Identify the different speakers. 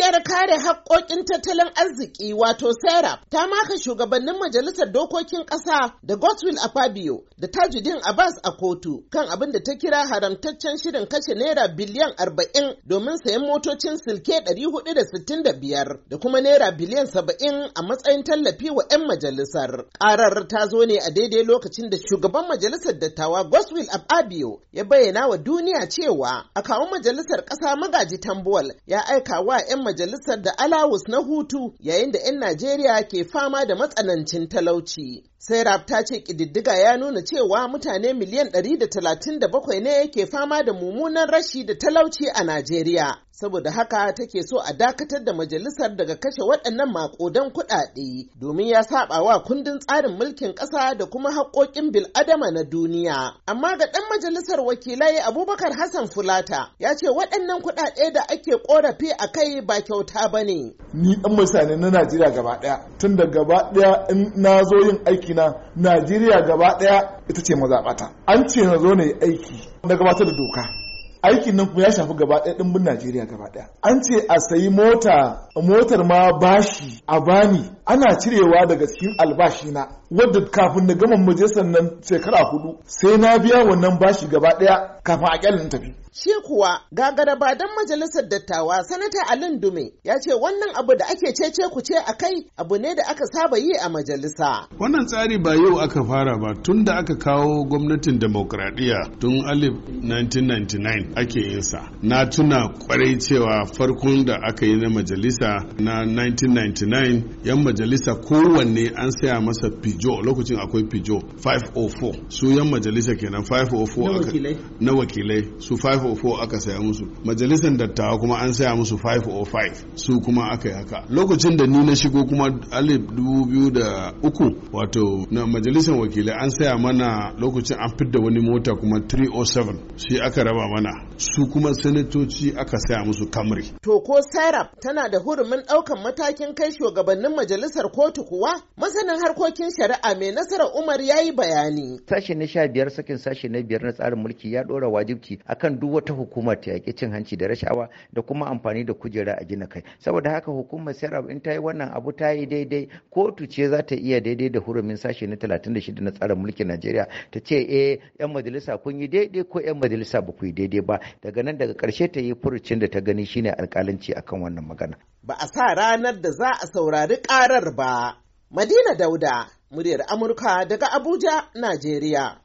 Speaker 1: kungiyar kare haƙƙoƙin tattalin arziki wato SERAP ta maka shugabannin majalisar dokokin ƙasa da Godswill Akpabio da tajudin Abbas a kotu kan abin da ta kira haramtaccen shirin kashe naira biliyan arba'in domin sayan motocin silke ɗari hudu da sittin da biyar da kuma naira biliyan saba'in a matsayin tallafi wa 'yan majalisar. Ƙarar ta zo ne a daidai lokacin da shugaban majalisar dattawa Godswill Akpabio ya bayyana wa duniya cewa a kawo majalisar ƙasa magaji tambuwal ya aika wa 'yan majalisar da alawus na hutu yayin da 'yan Najeriya ke fama da matsanancin talauci. Sairab ta ce ƙididdiga ya nuna cewa mutane miliyan 137 ne ke fama da mummunan rashi da talauci a Najeriya, saboda haka take so a dakatar da majalisar daga kashe waɗannan maƙudan kuɗaɗe domin ya saba wa kundin tsarin mulkin ƙasa da kuma haƙoƙin bil'adama na duniya. Amma ga ɗan majalisar wakilai Abubakar Hassan Fulata ya ce waɗannan kuɗaɗe da ake ƙorafi a kai
Speaker 2: ba kyauta ba ne. Ni ɗan misali na Najeriya gaba ɗaya tun da gaba ɗaya in na zo yin aiki na Najeriya gaba ɗaya ita ce mazaɓata. An ce na zo na yi aiki na gabatar da doka. aikin nan kuma ya shafi gaba ɗaya ɗimbin Najeriya gaba ɗaya. An ce a sayi mota, motar ma bashi a bani ana cirewa daga cikin albashina wadda kafin na gama majalisar nan shekara hudu sai na biya wannan bashi gaba ɗaya kafin a kyalin tafi.
Speaker 1: Shi kuwa gagara ba don majalisar dattawa sanata Alin Dume ya ce wannan abu da ake cece ku ce a kai abu ne da aka saba yi a majalisa.
Speaker 3: Wannan tsari ba yau aka fara ba tun da aka kawo gwamnatin demokradiyya tun alif 1999 ake yinsa. Na tuna kwarai cewa farkon da aka yi na majalisa na 1999 yan majalisa kowanne an saya masa pijo lokacin akwai pijo 504 su yan majalisa kenan 504 na wakilai su 504 aka saya musu majalisar dattawa kuma an saya musu 505 su kuma aka yi haka lokacin da ni na shigo kuma alif 2003 wato na majalisar wakilai an saya mana lokacin an fidda wani mota kuma 307 shi aka raba mana su kuma sanatoci aka saya musu kamri
Speaker 1: to ko sarap tana da hurumin ɗaukan matakin kai shugabannin majalisar kotu kuwa masanin harkokin
Speaker 4: shari'a mai nasarar umar ya yi bayani sashi na 15 sakin sashi na biyar na tsarin mulki ya ɗora wajibci akan duk duk wata hukumar ta yaƙi cin hanci da rashawa da kuma amfani da kujera a gina kai saboda haka hukumar sarraf in ta yi wannan abu ta yi daidai kotu ce za ta iya daidai da hurumin sashe na 36 na tsarin mulkin Najeriya ta ce eh yan majalisa kun yi daidai ko yan majalisa ba ku yi daidai ba daga nan daga ƙarshe ta yi furucin da ta gani shine alƙalanci akan wannan magana
Speaker 1: ba a sa ranar da za a saurari ƙarar ba Madina Dauda, muryar Amurka daga Abuja, Najeriya.